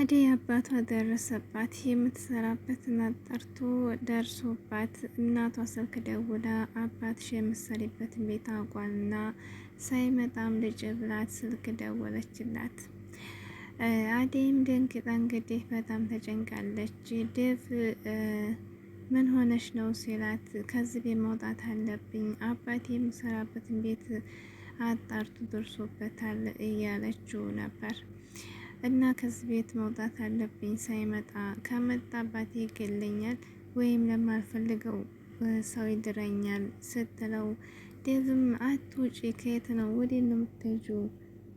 አደይ አባቷ ደረሰባት። የምትሰራበትን አጣርቶ ደርሶባት እናቷ ስልክ ደውላ አባትሽ የምትሰሪበትን ቤት አውቋልና ሳይመጣም ልጅ ብላት ስልክ ደወለችላት። አደይም ደንግጣ እንግዲህ በጣም ተጨንቃለች። ድፍ ምን ሆነች ነው ሲላት፣ ከዚህ ቤት መውጣት አለብኝ አባቴ የምሰራበትን ቤት አጣርቶ ደርሶበታል እያለችው ነበር። እና ከዚህ ቤት መውጣት አለብኝ። ሳይመጣ ከመጣ አባቴ ይገለኛል ወይም ለማልፈልገው ሰው ይድረኛል ስትለው ዴቭም አትውጪ፣ ከየት ነው ወደ የምትሄጂው?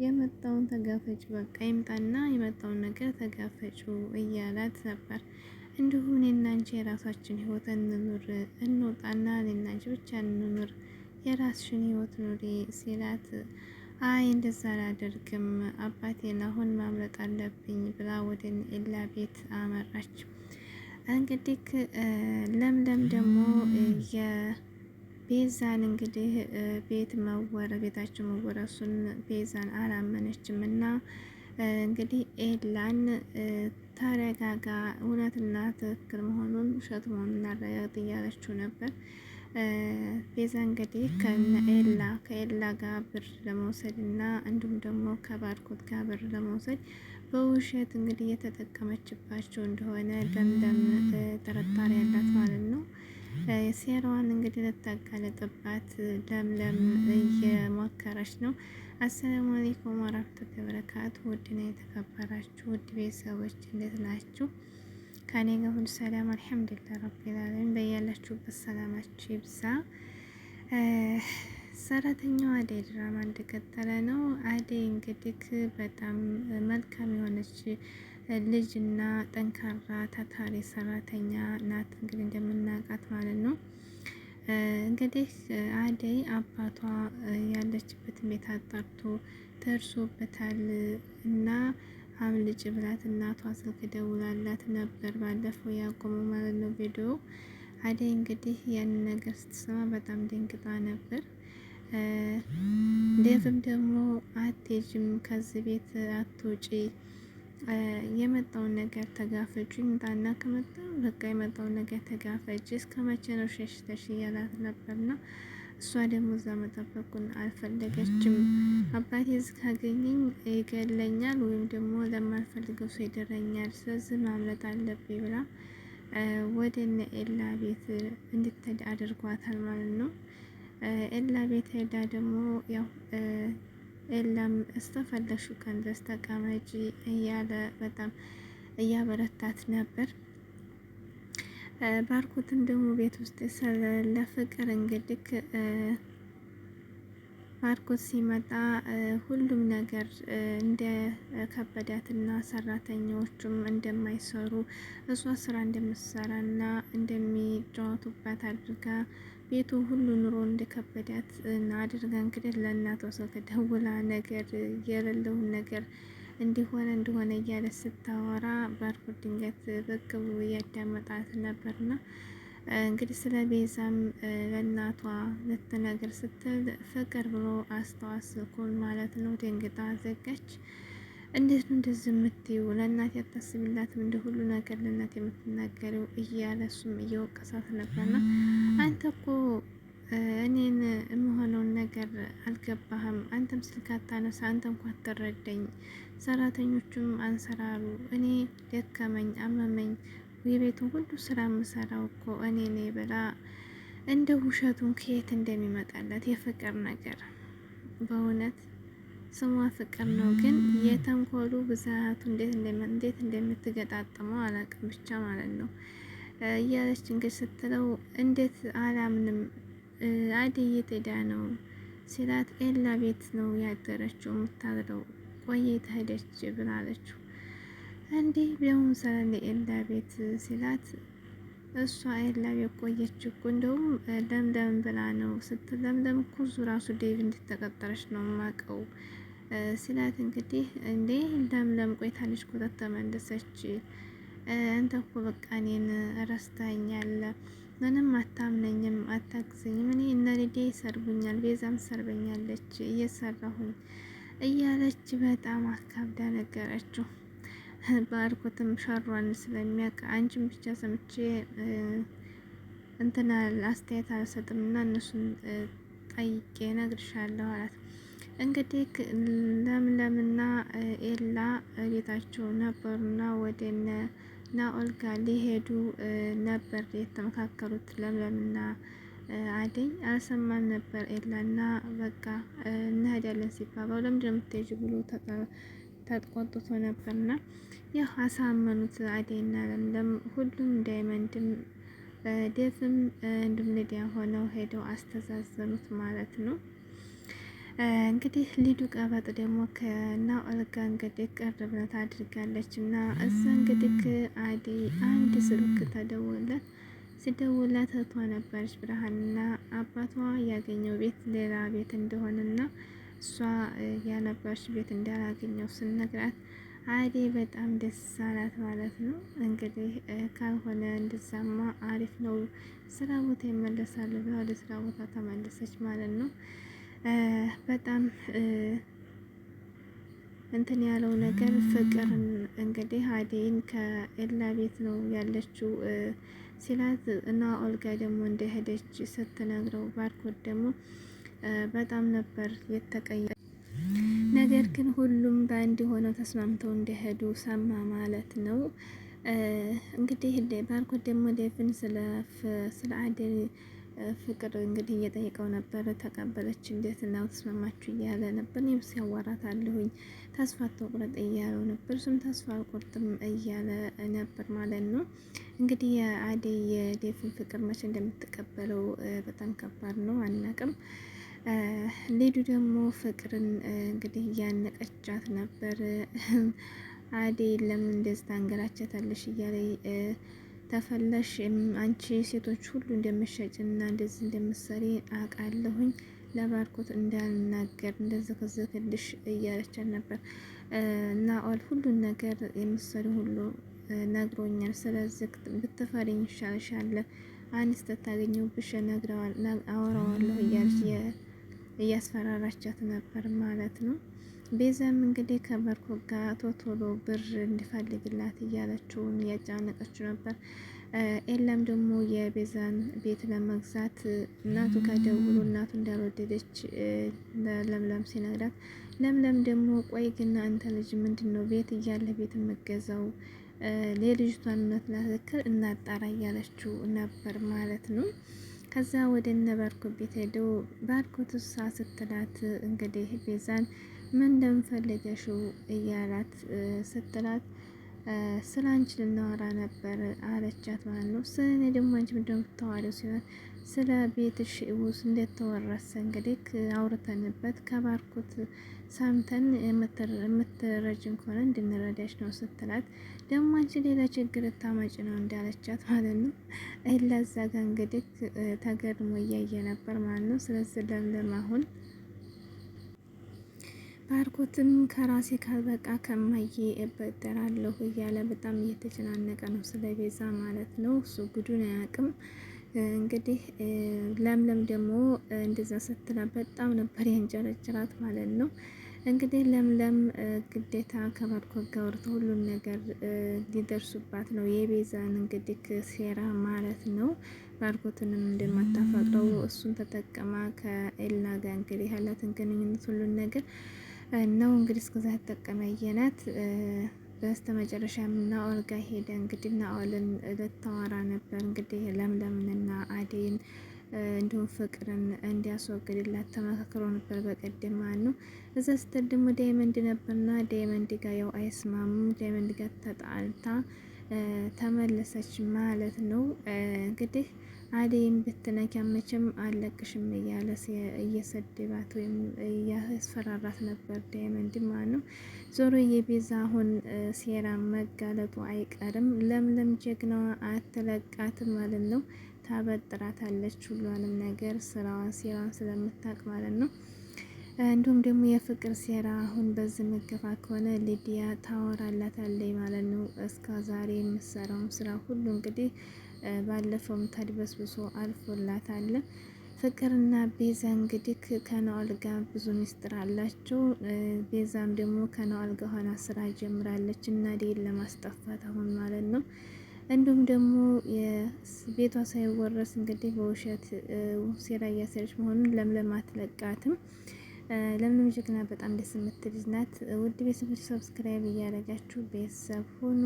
የመጣውን ተጋፈጭ፣ በቃ ይምጣና የመጣውን ነገር ተጋፈጩ እያላት ነበር። እንዲሁን የናንቺ አንቺ የራሳችን ህይወት እንኑር፣ እንውጣና እኔና ብቻ እንኑር፣ የራስሽን ህይወት ኑሪ ሲላት አይ እንደዛ አላደርግም አባቴን አሁን ማምለጥ አለብኝ ብላ ወደ ኤላ ቤት አመራች። እንግዲህ ለምለም ደግሞ የቤዛን እንግዲህ ቤት መወረ ቤታቸው መወረሱን ቤዛን አላመነችም እና እንግዲህ ኤላን ተረጋጋ፣ እውነትና ትክክል መሆኑን ውሸት መሆኑን አረጋግጥ እያለችው ነበር። ቤዛ እንግዲህ ከኤላ ከኤላ ጋር ብር ለመውሰድ እና እንዲሁም ደግሞ ከባርኮት ጋር ብር ለመውሰድ በውሸት እንግዲህ የተጠቀመችባቸው እንደሆነ ደምደም ጥርጣሬ ያላት ማለት ነው። ሴራዋን እንግዲህ ልታጋለጥባት ለምለም እየሞከረች ነው። አሰላሙ አለይኩም ወራህመቱላሂ ወበረካቱ። ውድና የተከበራችሁ ውድ ቤተሰቦች እንዴት ናችሁ? ከኔ ጋር ሁሉ ሰላም አልሐምዱሊላህ ረቢል ዓለሚን። በያላችሁበት ሰላማችሁ ይብዛ። ሰራተኛዋ አደይ ድራማ እንደቀጠለ ነው። አደይ እንግዲህ በጣም መልካም የሆነች ልጅ ልጅና ጠንካራ ታታሪ ሰራተኛ ናት፣ እንግዲህ እንደምናውቃት ማለት ነው። እንግዲህ አደይ አባቷ ያለችበትን ቤት አጣርቶ ደርሶበታል እና አምልጭ ብላት እናቷ ስልክ ደውላላት ነበር ባለፈው ያቆመው ማለት ነው ቪዲዮ። አደይ እንግዲህ ያንን ነገር ስትሰማ በጣም ደንግጣ ነበር። ዴቭም ደግሞ አትሄጂም፣ ከዚህ ቤት አትውጪ፣ የመጣውን ነገር ተጋፈጩ ይምጣና ከመጣ በቃ የመጣውን ነገር ተጋፈጭ፣ እስከ መቼ ነው ሸሽተሽ እያላት ነበርና እሷ ደግሞ እዛ መጠበቁን አልፈለገችም። አባቴ እዚህ ካገኘኝ ይገለኛል ወይም ደግሞ ለማልፈልገው ሰው ይደረኛል፣ ስለዚህ ማምለጥ አለብኝ ብላ ወደ እነ ኤላ ቤት እንድትሄድ አድርጓታል ማለት ነው። ኤላ ቤት ሄዳ ደግሞ ያው ኤላም እስተፈለሹ ቀን ድረስ ተቀመጪ እያለ በጣም እያበረታት ነበር። ባርኮትም ደግሞ ቤት ውስጥ ለፍቅር እንግዲህ ባርኮት ሲመጣ ሁሉም ነገር እንደ ከበዳትና ሰራተኞቹም እንደማይሰሩ እሷ ስራ እንደምትሰራና እንደሚጫወቱባት አድርጋ ቤቱ ሁሉ ኑሮ እንደከበዳት እና አድርጋ እንግዲህ ለእናቷ ሰው ደውላ ነገር የሌለውን ነገር እንዲሆነ እንደሆነ እያለ ስታወራ ባርኮት ድንገት ብቅ ብሎ እያዳመጣት ነበርና እንግዲህ ስለ ቤዛም ለእናቷ ልትነግር ስትል ፍቅር ብሎ አስተዋስ ማለት ነው። ደንግጣ ዘጋች። እንዴት ነው እንደዚህ የምትይው? ለእናት ያታስብላትም እንደ ሁሉ ነገር ለናት የምትናገሪው እያለ እሱም እየወቀሳት ነበርና አንተ እኮ እኔን የምሆነውን ነገር አልገባህም። አንተም ስልክ አታነሳ፣ አንተ እንኳ አትረዳኝ፣ ሰራተኞቹም አንሰራሉ። እኔ ደከመኝ፣ አመመኝ፣ የቤቱን ሁሉ ስራ የምሰራው እኮ እኔ ነኝ ብላ እንደ ውሸቱን ከየት እንደሚመጣለት የፍቅር ነገር በእውነት ስሟ ፍቅር ነው፣ ግን የተንኮሉ ብዛቱ እንዴት እንደምትገጣጥመው አላቅም ብቻ ማለት ነው እያለች እንግዲህ ስትለው እንዴት አላምንም አደይ የት ነው ሲላት ኤላ ቤት ነው ያደረችው የምታድረው ቆየ ተሄደች ብላለችው። እንዲህ ቢሆን ሰላም ኤላ ቤት ሲላት እሷ ኤላ ቤት ቆየች እኮ እንደውም ለምለም ብላ ነው ስትል ለምለም ኩዙ ራሱ ዴቭ እንድትተቀጠረች ነው ማቀው ሲላት እንግዲህ እንዴ ለምለም ቆይታለች እኮ ተመለሰች አንተ እኮ በቃ እኔን ረስተኸኛል ምንም አታምነኝም አታግዘኝ ምን እነ ሊዲያ ይሰርቡኛል፣ ቤዛም ሰርበኛለች እየሰራሁኝ እያለች በጣም አካብዳ ነገረችው። ባርኮትም ሸሯን ስለሚያውቅ አንቺን ብቻ ሰምቼ እንትና አስተያየት አልሰጥም እና እነሱን ጠይቄ እነግርሻለሁ አላት። እንግዲህ ለምለምና ኤላ ቤታቸው ነበሩና ወደ ናኦል ጋር ሊሄዱ ነበር የተመካከሉት ለምለምና አደይ አልሰማም ነበር ኤላና በቃ እንሄዳለን ሲባባው ለምንድን ነው የምትሄጂው ብሎ ተቆጥቶ ነበርና ያ አሳመኑት አደይ ለምለም ሁሉም ዳይመንድም ደፍም እንድም ልዲያ ሆነው ሄደው አስተዛዘኑት ማለት ነው። እንግዲህ ሊዱ ቀበጥ ደግሞ ከና ጋር እንግዲህ ቅርብ አድርጋለች እና እዛ እንግዲህ አደይ አንድ ስልክ ተደወለ። ስደውላት እህቷ ነበረች ብርሃንና አባቷ ያገኘው ቤት ሌላ ቤት እንደሆነና እሷ ያነበረች ቤት እንዳላገኘው ስነግራት አዴ በጣም ደስ አላት ማለት ነው። እንግዲህ ካልሆነ እንደዛማ አሪፍ ነው፣ ስራ ቦታ ይመለሳሉ ብላ ወደ ስራ ቦታ ተመለሰች ማለት ነው። በጣም እንትን ያለው ነገር ፍቅር እንግዲህ አዴን ከኤላ ቤት ነው ያለችው ሲላት እና ኦልጋ ደግሞ እንደሄደች ስትነግረው ባርኮት ደግሞ በጣም ነበር የተቀየ ነገር ግን ሁሉም በአንድ ሆነው ተስማምተው እንደሄዱ ሰማ ማለት ነው። እንግዲህ ባርኮት ደግሞ ዴቭን ስለ አደይ ፍቅር እንግዲህ እየጠየቀው ነበር። ተቀበለች እንዴት ነው ተስማማችሁ እያለ ነበር። እኔም ሲያዋራት አለሁኝ ተስፋ አትቁረጥ እያለው ነበር። እሱም ተስፋ አልቆርጥም እያለ ነበር ማለት ነው። እንግዲህ የአደይ የዴፍን ፍቅር መቼ እንደምትቀበለው በጣም ከባድ ነው፣ አናቅም። ሌዱ ደግሞ ፍቅርን እንግዲህ እያነቀቻት ነበር። አዴ ለምን እንደዚህ ታንገላቸታለሽ እያለ ተፈለሽ አንቺ ሴቶች ሁሉ እና እንደዚህ እንደምሰሪ አውቃለሁኝ። ለባርኮት እንዳልናገር እንደዘከዘክልሽ እያለቻት ነበር እና ኦል ሁሉን ነገር የምሰሪ ሁሉ ነግሮኛል። ስለዚህ ብትፈሪኝ ይሻልሻል። አንስ ተታገኘው ብሸ ነግረዋል አወራዋለሁ እያለች እያስፈራራቻት ነበር ማለት ነው። ቤዛም እንግዲህ ከመርኮ ጋር ቶቶሎ ብር እንዲፈልግላት እያለችውን እያጫነቀችው ነበር። ኤላም ደግሞ የቤዛን ቤት ለመግዛት እናቱ ከደውሉ እናቱ እንዳልወደደች ለምለም ሲነግራት፣ ለምለም ደግሞ ቆይ ግን አንተ ልጅ ምንድን ነው ቤት እያለ ቤት የምገዛው የልጅቷን እውነት ላትክል እናጣራ እያለችው ነበር ማለት ነው። ከዛ ወደ እነ ቤት ሄደው ባርኮት ውሳ ስትላት እንግዲህ ቤዛን ምን እንደምፈልገሽው እያላት ስትላት ስለ አንቺ ልናወራ ነበር አለቻት ማለት ነው። ስለ እኔ ደግሞ አንቺ ምንድነው የምታወሪው ሲሆን ስለ ቤትሽ ውስጥ እንደተወረሰ እንግዲህ አውርተንበት ከባርኩት ሳምተን የምትረጅን ከሆነ እንድንረዳሽ ነው ስትላት ደግሞ አንቺ ሌላ ችግር ታመጭ ነው እንዳለቻት ማለት ነው። ለዛ ጋ እንግዲህ ተገድሞ እያየ ነበር ማለት ነው። ስለዚህ ለምለም አሁን ባርኮትም ከራሴ ካልበቃ ከማዬ እበደራለሁ እያለ በጣም እየተጨናነቀ ነው፣ ስለ ቤዛ ማለት ነው። እሱ ጉዱን አያውቅም። እንግዲህ ለምለም ደግሞ እንደዛ ስትላ በጣም ነበር የእንጨረጭራት ማለት ነው። እንግዲህ ለምለም ግዴታ ከባርኮት ጋር ወርቶ ሁሉን ነገር ሊደርሱባት ነው። የቤዛን እንግዲህ ሴራ ማለት ነው። ባርኮትንም እንደማታፈቅረው እሱን ተጠቀማ ከኤላ ጋር እንግዲህ ያላትን ግንኙነት ሁሉን ነገር ነው እንግዲህ እስከዛ ተጠቀመ የናት በስተ መጨረሻ እና ኦልጋ ሄደ እንግዲህ እና ኦልን ልታወራ ነበር እንግዲህ ለምለምንና አዴይን እንዲሁም ፍቅርን እንዲያስወግድላት ተመካክሮ ነበር በቀደም ማለት ነው። እዛ ስትል ደግሞ ዳይመንድ ነበርና ዳይመንድ ጋ ያው አይስማሙም። ዳይመንድ ጋር ተጣልታ ተመለሰች ማለት ነው እንግዲህ አደይም ብትነኪያ መቼም አለቅሽም እያለ እየሰደባት ወይም እያስፈራራት ነበር። ዳይመንድ ማለት ነው። ዞሮ የቤዛ አሁን ሴራ መጋለጡ አይቀርም። ለምለም ጀግናዋ አትለቃትም ማለት ነው። ታበጥራታለች ሁሏንም ነገር ስራዋን፣ ሴራዋን ስለምታቅ ማለት ነው። እንዲሁም ደግሞ የፍቅር ሴራ አሁን በዚህ ምገፋ ከሆነ ሊዲያ ታወራላታለች ማለት ነው። እስከ ዛሬ የምትሰራውን ስራ ሁሉ እንግዲህ ባለፈውም ተድበስብሶ አልፎላታል። ፍቅርና ቤዛ እንግዲህ ከነዋል ጋር ብዙ ሚስጥር አላቸው። ቤዛም ደግሞ ከነዋል ጋር ሆና ስራ ጀምራለች እና ዴን ለማስጠፋት አሁን ማለት ነው። እንዲሁም ደግሞ ቤቷ ሳይወረስ እንግዲህ በውሸት ሴራ እያሰረች መሆኑን ለምለም አትለቃትም። ለምንም ጀግና በጣም ደስ የምትል ናት። ውድ ቤተሰቦች ሰብስክራይብ እያደረጋችሁ ቤተሰብ ሁኑ።